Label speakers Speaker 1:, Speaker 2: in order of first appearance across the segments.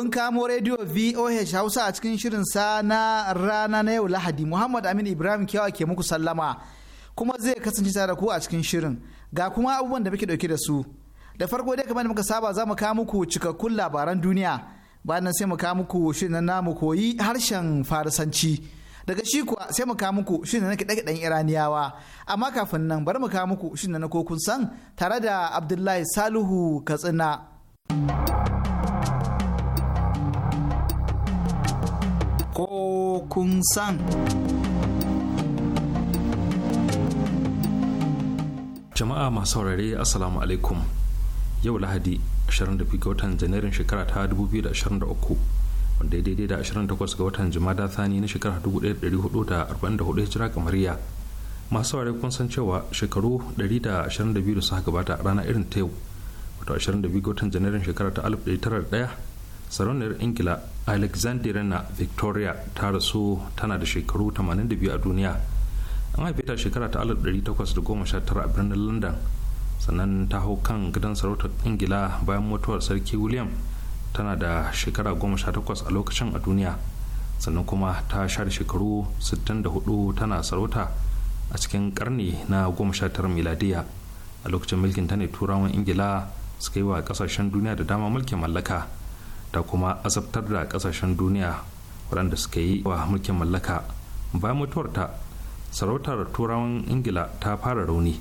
Speaker 1: Kun kamo rediyo VOH Hausa a cikin shirin sa na rana na yau Lahadi Muhammad Amin Ibrahim Kyawa ke muku sallama kuma zai kasance tare da ku a cikin shirin ga kuma abubuwan da muke dauke da su. Da farko dai kamar da muka saba za mu kawo muku cikakkun labaran duniya bayan nan sai mu kawo muku shirin na mu koyi harshen Farisanci. Daga shi kuwa sai mu kawo muku shirin na kiɗe kidan Iraniyawa amma kafin nan bari mu kawo muku shirin na kokun san tare da Abdullahi saluhu Katsina. kun san.
Speaker 2: Jama'a masu saurare Assalamu alaikum yau Lahadi 22 ga watan Janairun shekara ta 2023 wanda ya daidai da 28 ga watan Jumada Thani na shekara 1444 Hijira kamariya. Masu saurare kun san cewa shekaru 122 da suka gabata a rana irin ta yau wato 22 ga watan Janairun shekara ta 1901 sarauniyar ingila alexandrina victoria ta rasu tana da shekaru 82 a duniya an haife ta shekara ta 1819 a birnin london sannan ta hau kan gidan sarautar ingila bayan mutuwar sarki william tana da shekara 18 a lokacin a duniya sannan kuma ta sha share shekaru 64 tana sarauta a cikin karni na 19 miladiya a lokacin mulkin ta ne turawan ingila suka yi wa kasashen duniya da dama mulkin mallaka da kuma azabtar da kasashen duniya waɗanda suka yi wa mulkin mallaka bayan mutuwar ta sarautar turawan ingila ta fara rauni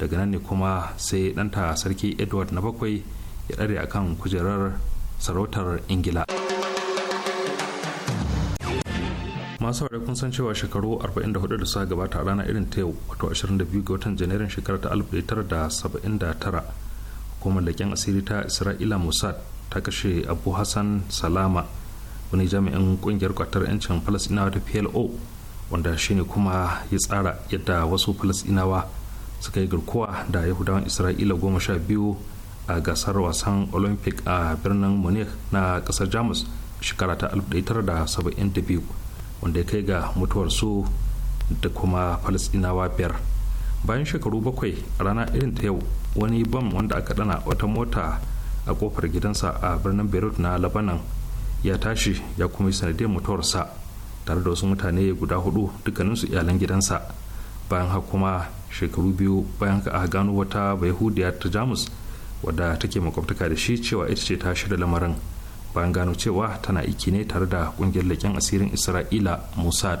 Speaker 2: daga nan ne kuma sai ɗanta sarki edward na bakwai ya ɗare akan kujerar sarautar ingila masu saurari kun san cewa shekaru 44 da suka gabata a rana irin ta yau wato 22 ga watan janairun shekarar ta 1979 hukumar leƙen asiri ta isra'ila mossad ta kashe abu hassan salama wani jami'in kungiyar kwatar 'yancin falasinawa ta plo wanda shine kuma ya tsara yadda wasu falasinawa suka yi garkuwa da yahudawan isra'ila goma sha biyu a gasar wasan olympic a birnin munich na kasar jamus shekara ta 1972 wanda ya kai ga mutuwarsu da kuma falasinawa biyar bayan shekaru bakwai a rana irin ta yau wani bam wanda aka dana wata mota a kofar gidansa a birnin beirut na labanan ya tashi ya kuma yi sanadiyar mutuwarsa tare da wasu mutane guda hudu dukkaninsu iyalan gidansa bayan haka kuma shekaru biyu bayan ka a gano wata bayahudiya ta jamus wadda take makwabtaka da shi cewa ita ce ta shirya lamarin bayan gano cewa tana iki ne tare da kungiyar leƙen asirin isra'ila musad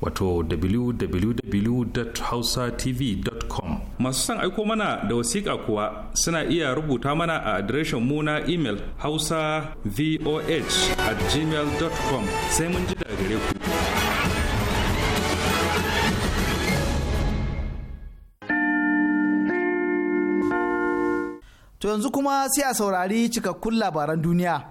Speaker 2: wato www.hausatv.com masu son aiko mana da wasiƙa kuwa suna iya rubuta mana a adireshin mu na imel hausa voh at gmail.com sai mun ji daga gare ku
Speaker 1: to yanzu kuma sai a saurari cikakkun labaran duniya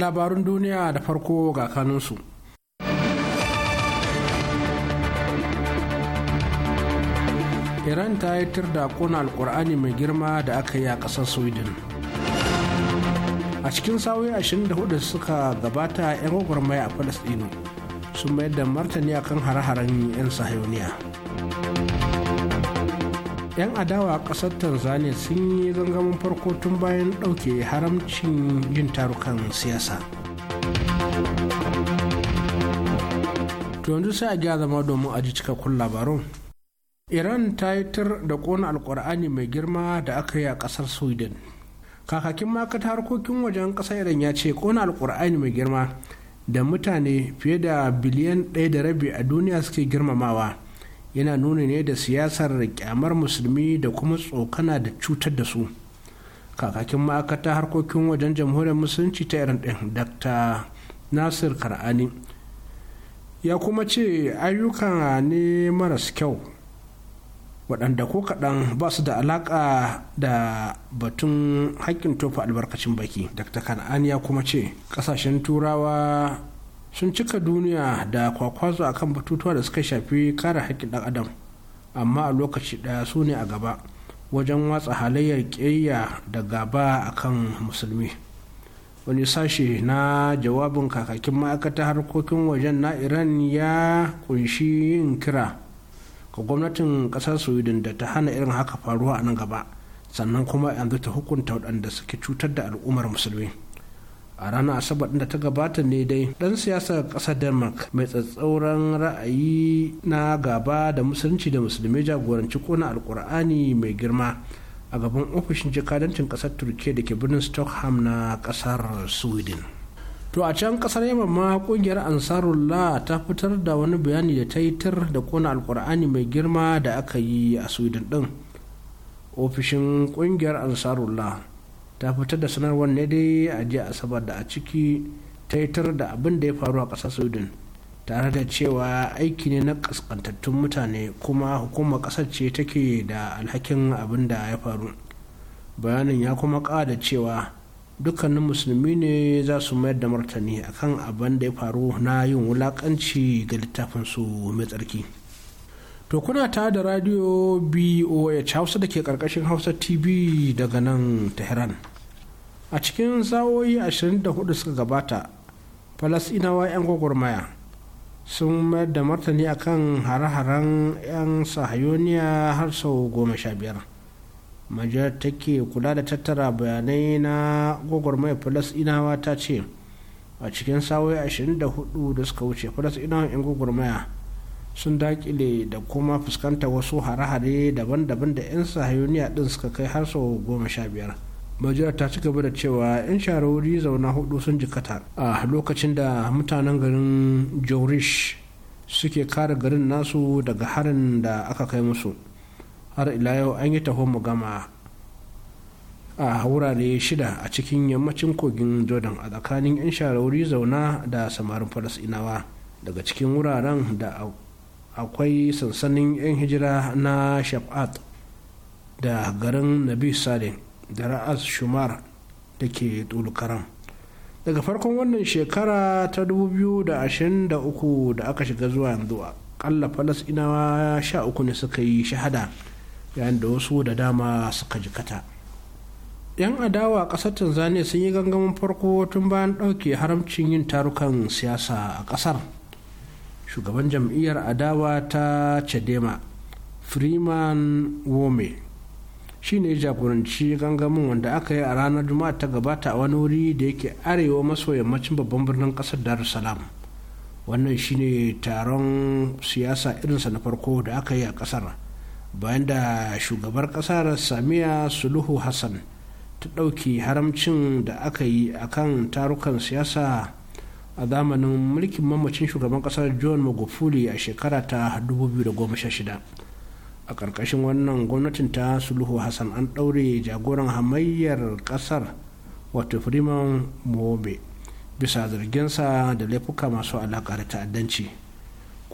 Speaker 3: labarun duniya da farko ga kanunsu. iran ta yitar da kona alkur'ani mai girma da aka yi a ƙasar sweden a cikin sauyi 24 suka gabata 'yan gwagwarmaya a Falasɗinu, sun mayar da martani akan hare-haren 'yan sahiyoniya 'yan adawa a ƙasar tanzania sun yi zangamin farko tun bayan ɗauke haramcin yin tarukan siyasa to yanzu sai a gya zama domin aji cikakkun labarun iran ta yi tur da ƙona alkur'ani mai girma da aka yi a ƙasar sweden kakakin makata harkokin wajen ƙasar iran ya ce ƙona alkur'ani mai girma da mutane fiye da biliyan ɗaya da rabi a duniya suke girmamawa yana nuni ne da siyasar kyamar musulmi da kuma tsokana da cutar da su kakakin ma'aikata harkokin wajen jamhuriyar musulunci ta irin ɗin dr nasir kar'ani ya kuma ce ayyuka ne maras kyau waɗanda ko kaɗan ba su da alaƙa da batun haƙƙin tofa albarkacin baki dr kar'ani ya kuma ce ƙasashen turawa sun cika duniya da kwakwazo akan batutuwa da suka shafi kare haƙƙin ɗan adam amma a lokaci ɗaya su ne a gaba wajen watsa halayyar ƙiyayya da gaba a kan musulmi wani sashe na jawabin kakakin ma'aikatar harkokin wajen na iran ya kunshi yin kira ga gwamnatin ƙasar sweden da ta hana irin haka faruwa a nan gaba sannan kuma yanzu ta hukunta waɗanda suke cutar da al'ummar musulmi a ranar asabar da ta gabata ne dai dan siyasar ƙasar denmark mai tsatsauran ra'ayi na gaba da musulunci da musulmi jagoranci kona alkur'ani mai girma a gaban ofishin jikadancin ƙasar turkiya da ke birnin stockholm na ƙasar sweden to a can kasar yamma ma kungiyar ansarullah ta fitar da wani bayani da ta yi tir da kona alkur'ani mai girma da aka yi a sweden din ofishin kungiyar ansarullah ta fitar da sanarwar ne dai a jiya asabar da a ciki ta yi tar da abin da ya faru a ƙasar sweden tare da cewa aiki ne na ƙasƙantattun mutane kuma hukumar ƙasar ce take da alhakin abin da ya faru bayanin ya kuma ƙada cewa dukkanin musulmi ne za su mayar da martani akan abin da ya faru na yin wulaƙanci ga littafin su mai tsarki to kuna ta da radio boh hausa da ke ƙarƙashin hausa tv daga nan tehran a cikin sa'o'i 24 suka gabata falasinawa 'yan gwagwarmaya sun mayar da martani akan hare-haren 'yan sahayoniya har sau goma sha biyar ke take kula da tattara bayanai na gwagwarmaya falasinawa ta ce a cikin sa'o'i 24 da suka wuce falasinawa 'yan gwagwarmaya sun dakile da kuma fuskanta wasu hare-hare daban-daban da 'yan sahayoniya din suka kai har sau goma biyar majiyar ta ci gaba da cewa 'yan shahararri zauna hudu sun jikata a lokacin da mutanen garin jorish suke kare garin nasu daga harin da aka kai musu har ila yau an yi taho gama a wurare shida a cikin yammacin kogin jordan a tsakanin 'yan shahararri zauna da samarin falasinawa daga cikin wuraren da akwai sansanin 'yan hijira na shaf'at da garin nabi salim da ra'as shumar da ke dulkaram daga farkon wannan shekara ta 2023 da aka shiga zuwa yanzu ƙalla falasinawa sha uku ne suka yi shahada yayin da wasu da dama suka jikata yan adawa a ƙasar tanzania sun yi gangamin farko tun bayan ɗauke haramcin yin tarukan siyasa a ƙasar shugaban jam'iyyar adawa ta chadema freeman wome shine jagoranci gangamin wanda aka yi a ranar juma'a ta gabata a wani wuri da yake arewa maso yammacin babban birnin kasar dar salam wannan shine taron siyasa irinsa na farko da aka yi a kasar bayan da shugabar kasar samiya suluhu hassan ta ɗauki haramcin da aka yi a kan tarukan siyasa a zamanin mulkin mamacin shugaban kasar john magufuli a shekara ta 2016 a ƙarƙashin wannan gwamnatin ta sulhu hassan an ɗaure jagoran hamayyar ƙasar wato freeman mobe bisa zarginsa da laifuka masu alaƙa da ta'addanci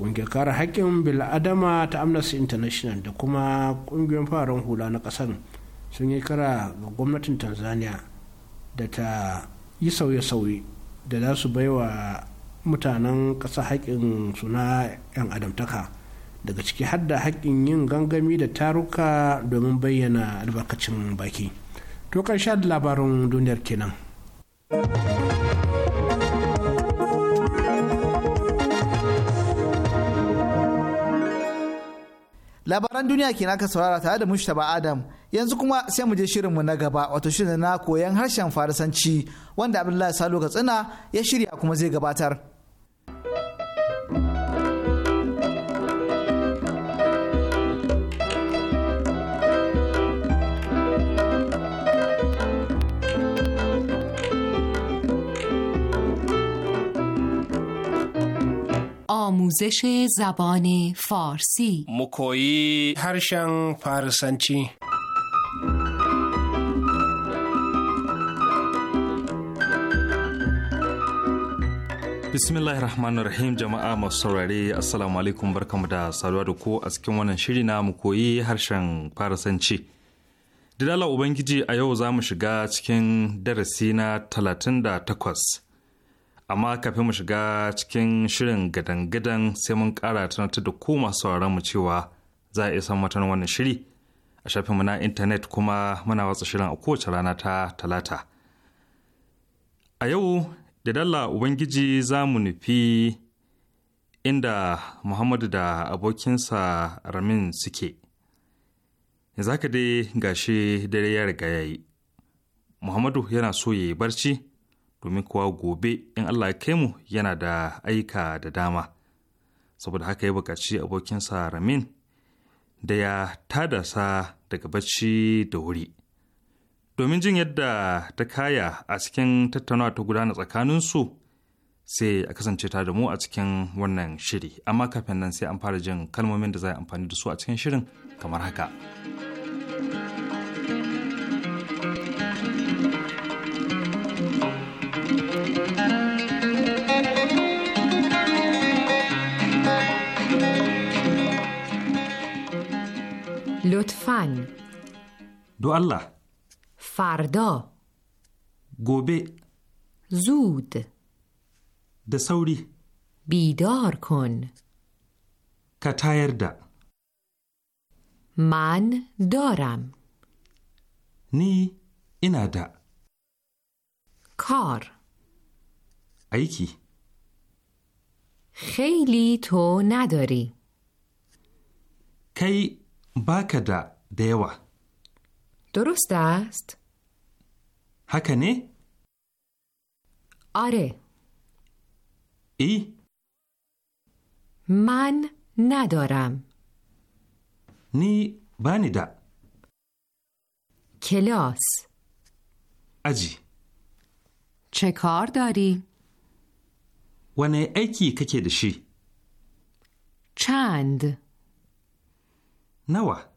Speaker 3: ƙungiyar kare haƙƙin bil'adama ta amnesty international da kuma ƙungiyar fararen hula na ƙasar sun yi kara ga gwamnatin tanzania da ta yi sauye-sauye da za su baiwa mutanen ƙasa haƙƙin suna 'yan adamtaka daga ciki har da haƙƙin yin gangami da taruka domin bayyana albarkacin baki to sha labarin duniyar kenan
Speaker 1: labaran duniya ke naka saurara tare da mushtaba adam yanzu kuma sai mu je shirinmu na gaba wato shirin na koyon harshen farisanci wanda abdullahi salo katsina ya shirya kuma zai gabatar.
Speaker 4: آموزش زبان فارسی
Speaker 3: مکویی هرشن فارسنچی
Speaker 2: bismillahir rahmanir rahim jama'a masu saurare assalamu alaikum barkamu da saduwa da ku a cikin wannan shiri na mu koyi harshen farasanci didala ubangiji a yau za mu shiga cikin darasi na 38 amma kafin mu shiga cikin shirin gadan-gadan sai mun kara tunatar da ku masu sauraron mu cewa za a iya san matan wannan shiri a mu na intanet kuma muna watsa shirin a kowace rana ta talata a yau da dalla ubangiji za mu nufi inda muhammadu da abokinsa ramin suke za ka dai gashi dare ya riga ya yi muhammadu yana so ya yi barci domin kowa gobe in Allah ya kai mu yana da aika da dama saboda haka ya buƙaci abokinsa ramin da ya tada sa daga bacci da wuri domin jin yadda ta kaya a cikin tattaunawa ta gudana tsakaninsu sai a kasance ta da mu a cikin wannan shiri amma kafin nan sai an fara jin kalmomin da za a amfani da su a cikin shirin kamar haka.
Speaker 4: لطفا دو الله فردا گوبه زود دسوری بیدار کن
Speaker 2: کتایرده
Speaker 4: من دارم
Speaker 2: نی اینا کار ایکی
Speaker 4: خیلی تو نداری
Speaker 2: کی باکدا دیوه
Speaker 4: درست است؟
Speaker 2: هکنه؟ آره ای؟
Speaker 4: من ندارم نی دا کلاس اجی چه کار داری؟
Speaker 2: ونه ایکی که شی؟
Speaker 4: چند؟ nawa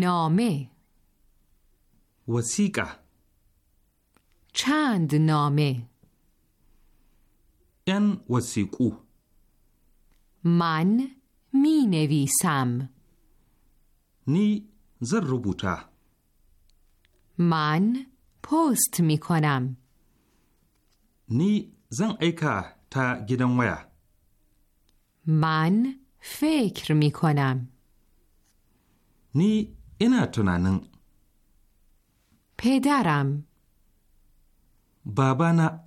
Speaker 4: nome
Speaker 2: wasiƙa
Speaker 4: chand nome
Speaker 2: Yan wasiƙu
Speaker 4: man minevi sam
Speaker 2: ni zan rubuta
Speaker 4: man post mikonam
Speaker 2: ni zan aika ta gidan waya
Speaker 4: man فکر می کنم
Speaker 2: نی اینا تنانن
Speaker 4: پدرم
Speaker 2: بابانا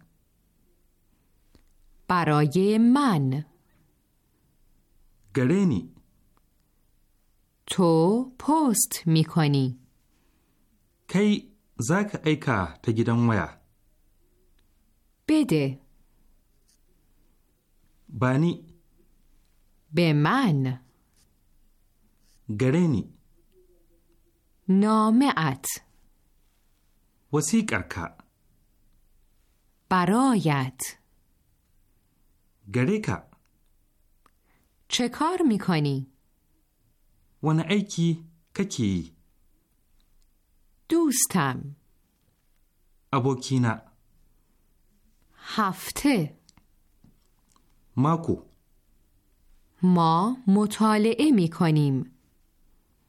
Speaker 4: برای من گرینی تو پست می کنی
Speaker 2: کی زک ایکا تا گیدن ویا بده بانی
Speaker 4: به من گرینی نامعت
Speaker 2: وسیقرکا
Speaker 4: برایت گریکا چه کار میکنی؟
Speaker 2: ون ایکی ککی
Speaker 4: دوستم
Speaker 2: ابوکینا
Speaker 4: هفته ماکو ما مطالعه می کنیم.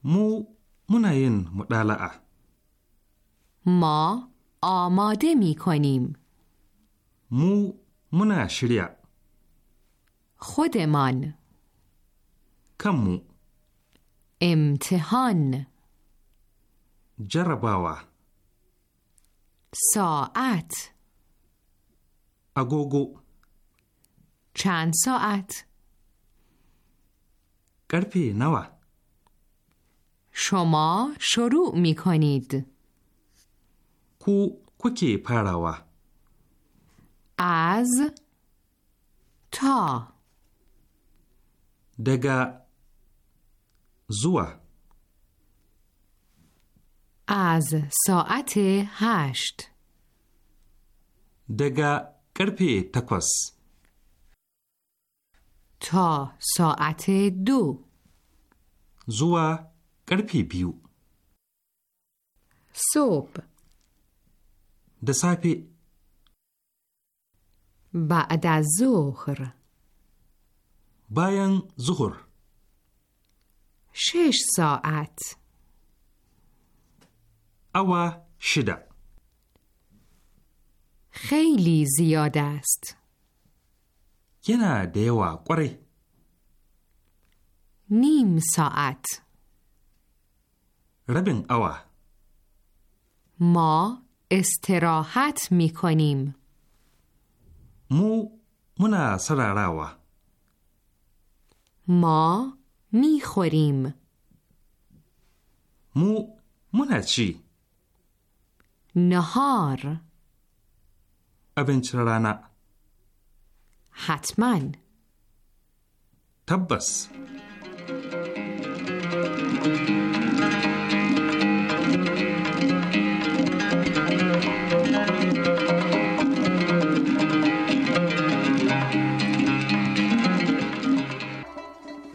Speaker 2: مو مناین مطالعه
Speaker 4: ما آماده می کنیم. مو
Speaker 2: مناشریا.
Speaker 4: خودمان کمو امتحان
Speaker 2: جرباوا
Speaker 4: ساعت
Speaker 2: اگوگو
Speaker 4: چند ساعت karfe nawa? Shoma shuru mikonid.
Speaker 2: Ku kuke farawa.
Speaker 4: Az ta.
Speaker 2: Daga zuwa.
Speaker 4: Az sa'ate hasht.
Speaker 2: Daga karfe takwas.
Speaker 4: تا ساعت دو
Speaker 2: زوا قرپی بیو
Speaker 4: صبح دسایپی بعد از ظهر
Speaker 2: باین ظهر
Speaker 4: شش ساعت اوا شده خیلی زیاد است
Speaker 2: یه da yawa kwarai.
Speaker 4: نیم ساعت
Speaker 2: ربن اوا
Speaker 4: ما استراحت میکنیم. کنیم
Speaker 2: مو منا
Speaker 4: ما می خوریم
Speaker 2: مو منا چی
Speaker 4: نهار
Speaker 2: ابن چرانا
Speaker 4: حتما
Speaker 2: تبس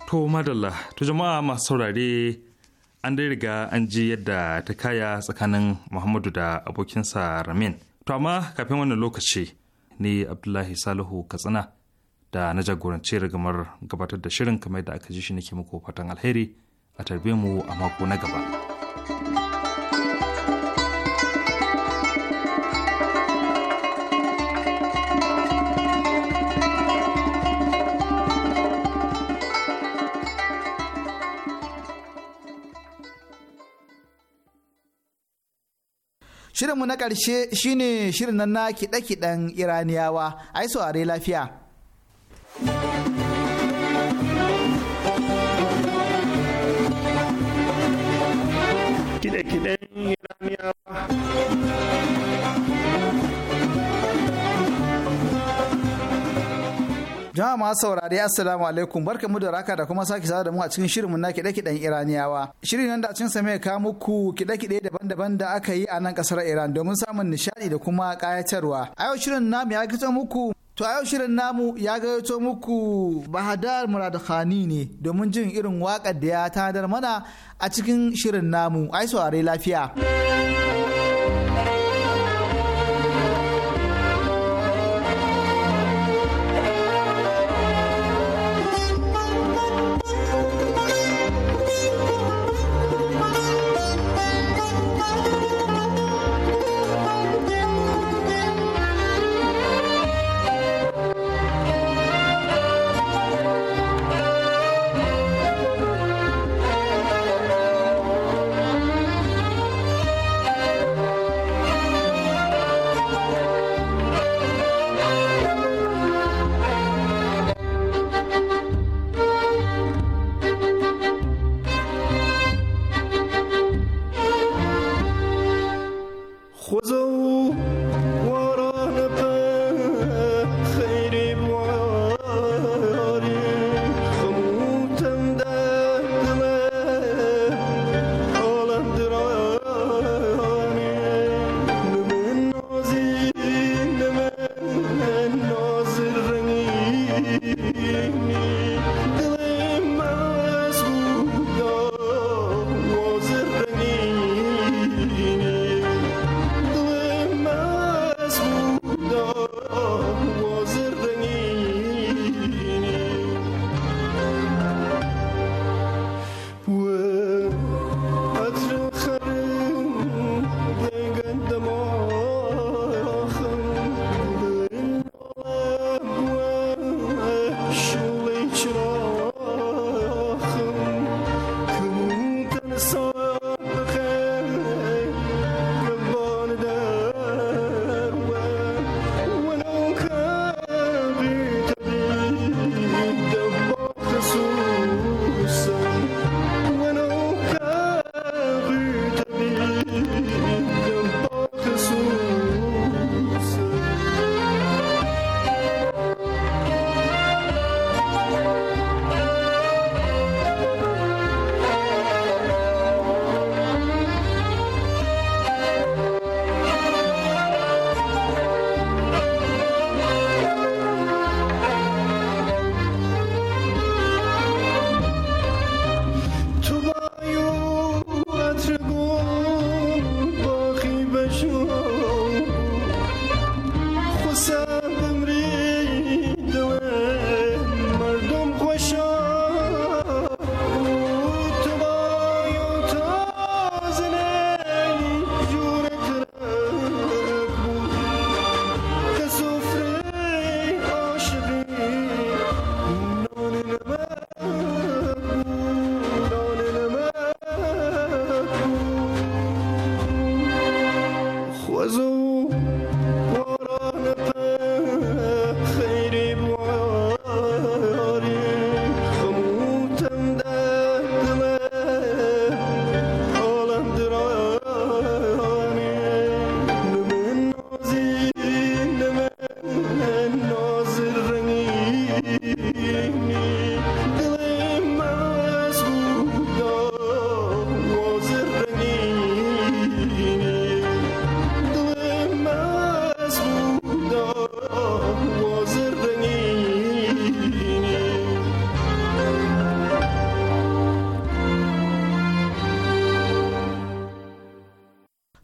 Speaker 2: To madalla, to jama'a masu saurare an dai riga an ji yadda ta kaya tsakanin Muhammadu da abokinsa Ramin. To amma kafin wannan lokaci ne abdullahi salihu katsina da na jagoranci rigamar gabatar da shirin kamar da aka ji shi nake muku fatan alheri a tarbe mu a mako na gaba.
Speaker 1: Shirinmu na ƙarshe shine shirin na kiɗe-kiɗen Iraniyawa, ai saurare lafiya. Na ma saurari assalamu alaikum barkamu da raka da kuma sake sada da mu a cikin shirinmu na kiɗe-kiɗen iraniyawa shirin nan da cin sa mai kawo muku kiɗe-kiɗe daban-daban da aka yi a nan ƙasar iran domin samun nishaɗi da kuma kayatarwa. a yau shirin namu ya gaito muku to a yau shirin namu ya gayyato muku bahadar murad khani ne domin jin irin waƙar da ya tanadar mana a cikin shirin namu ai saurari lafiya.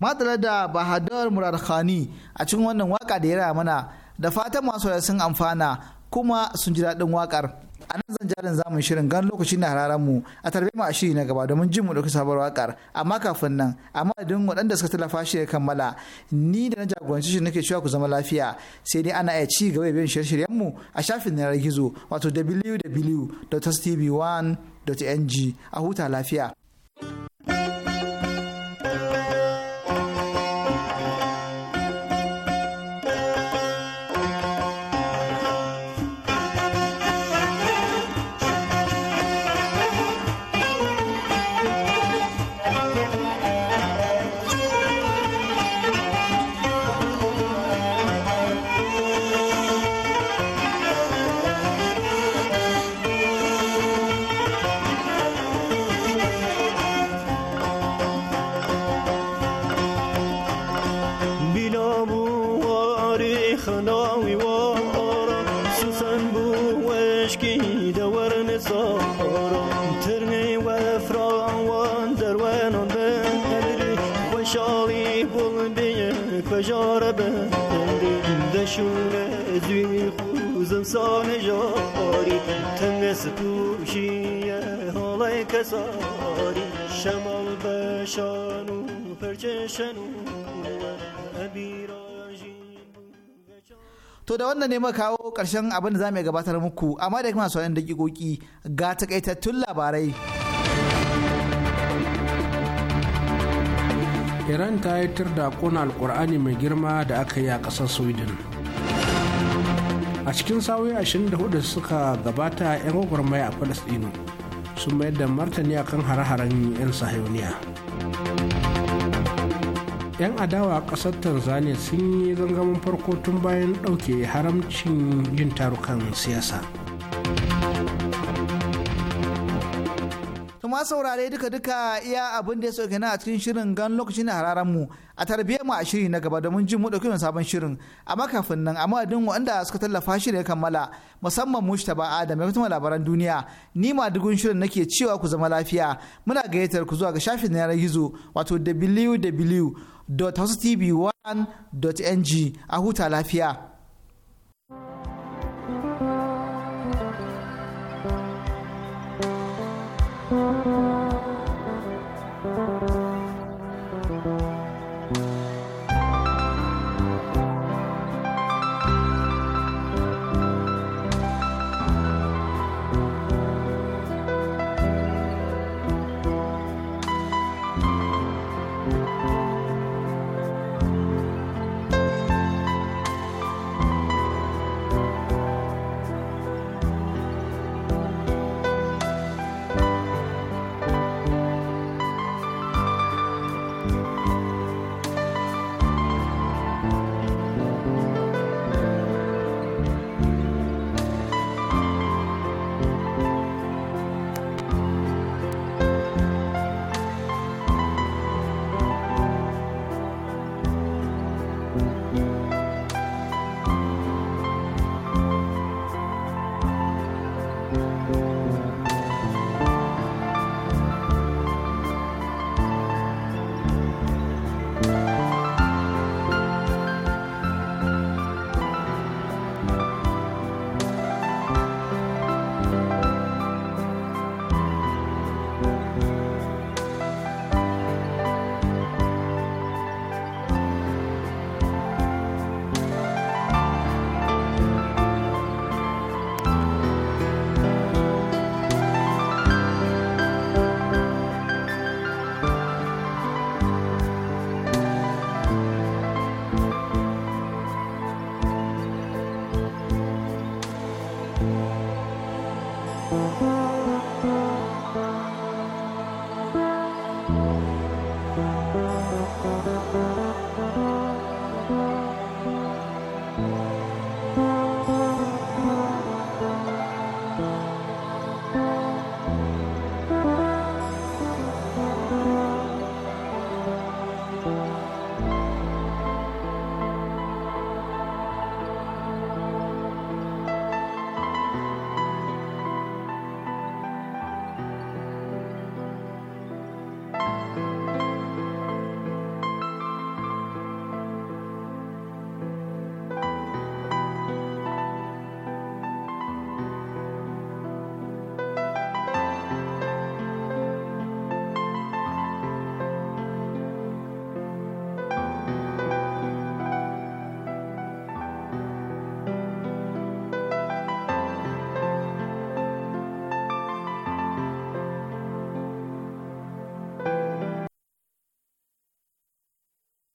Speaker 1: madala da bahadur murar khani a cikin wannan waka da ya raya mana da fatan masu sun amfana kuma sun ji daɗin wakar a nan zan jarin zamun shirin gan lokaci na hararen mu a tarbe mu a shiri na gaba domin jin mu ɗauki sabuwar wakar amma kafin nan a madadin waɗanda suka tallafa shi ya kammala ni da na jagoranci shi nake cewa ku zama lafiya sai dai ana iya ci gaba bin shirye-shiryen mu a shafin yanar gizo wato www.tv1.ng a huta lafiya.
Speaker 5: بذاری شمال بشانو
Speaker 1: To da wannan ne muka kawo ƙarshen abin da za mu gabatar muku amma da kuma sauran dakikoki ga takaitattun labarai.
Speaker 3: Iran ta yitar da kona alkur'ani mai girma da aka yi a ƙasar Sweden. A cikin sa'o'i 24 suka gabata 'yan gwagwarmaya a Falasɗinu sun mayar da martani akan hare-haren 'yan sahayoniya yan adawa a ƙasar tanzania sun yi zangamin farko tun bayan ɗauke haramcin yin tarukan siyasa
Speaker 1: ma saurare duka-duka iya abin da ya sauke na a cikin shirin gan lokacin da hararen mu a tarbiyyar mu a shiri na gaba domin jin mu dauki wani sabon shirin a maka kafin nan a madadin wanda suka tallafa shi da ya kammala musamman ta Adam ya kuma labaran duniya ni ma dugun shirin nake cewa ku zama lafiya muna gayyatar ku zuwa ga shafin na yanar gizo wato www.housetv1.ng a huta lafiya.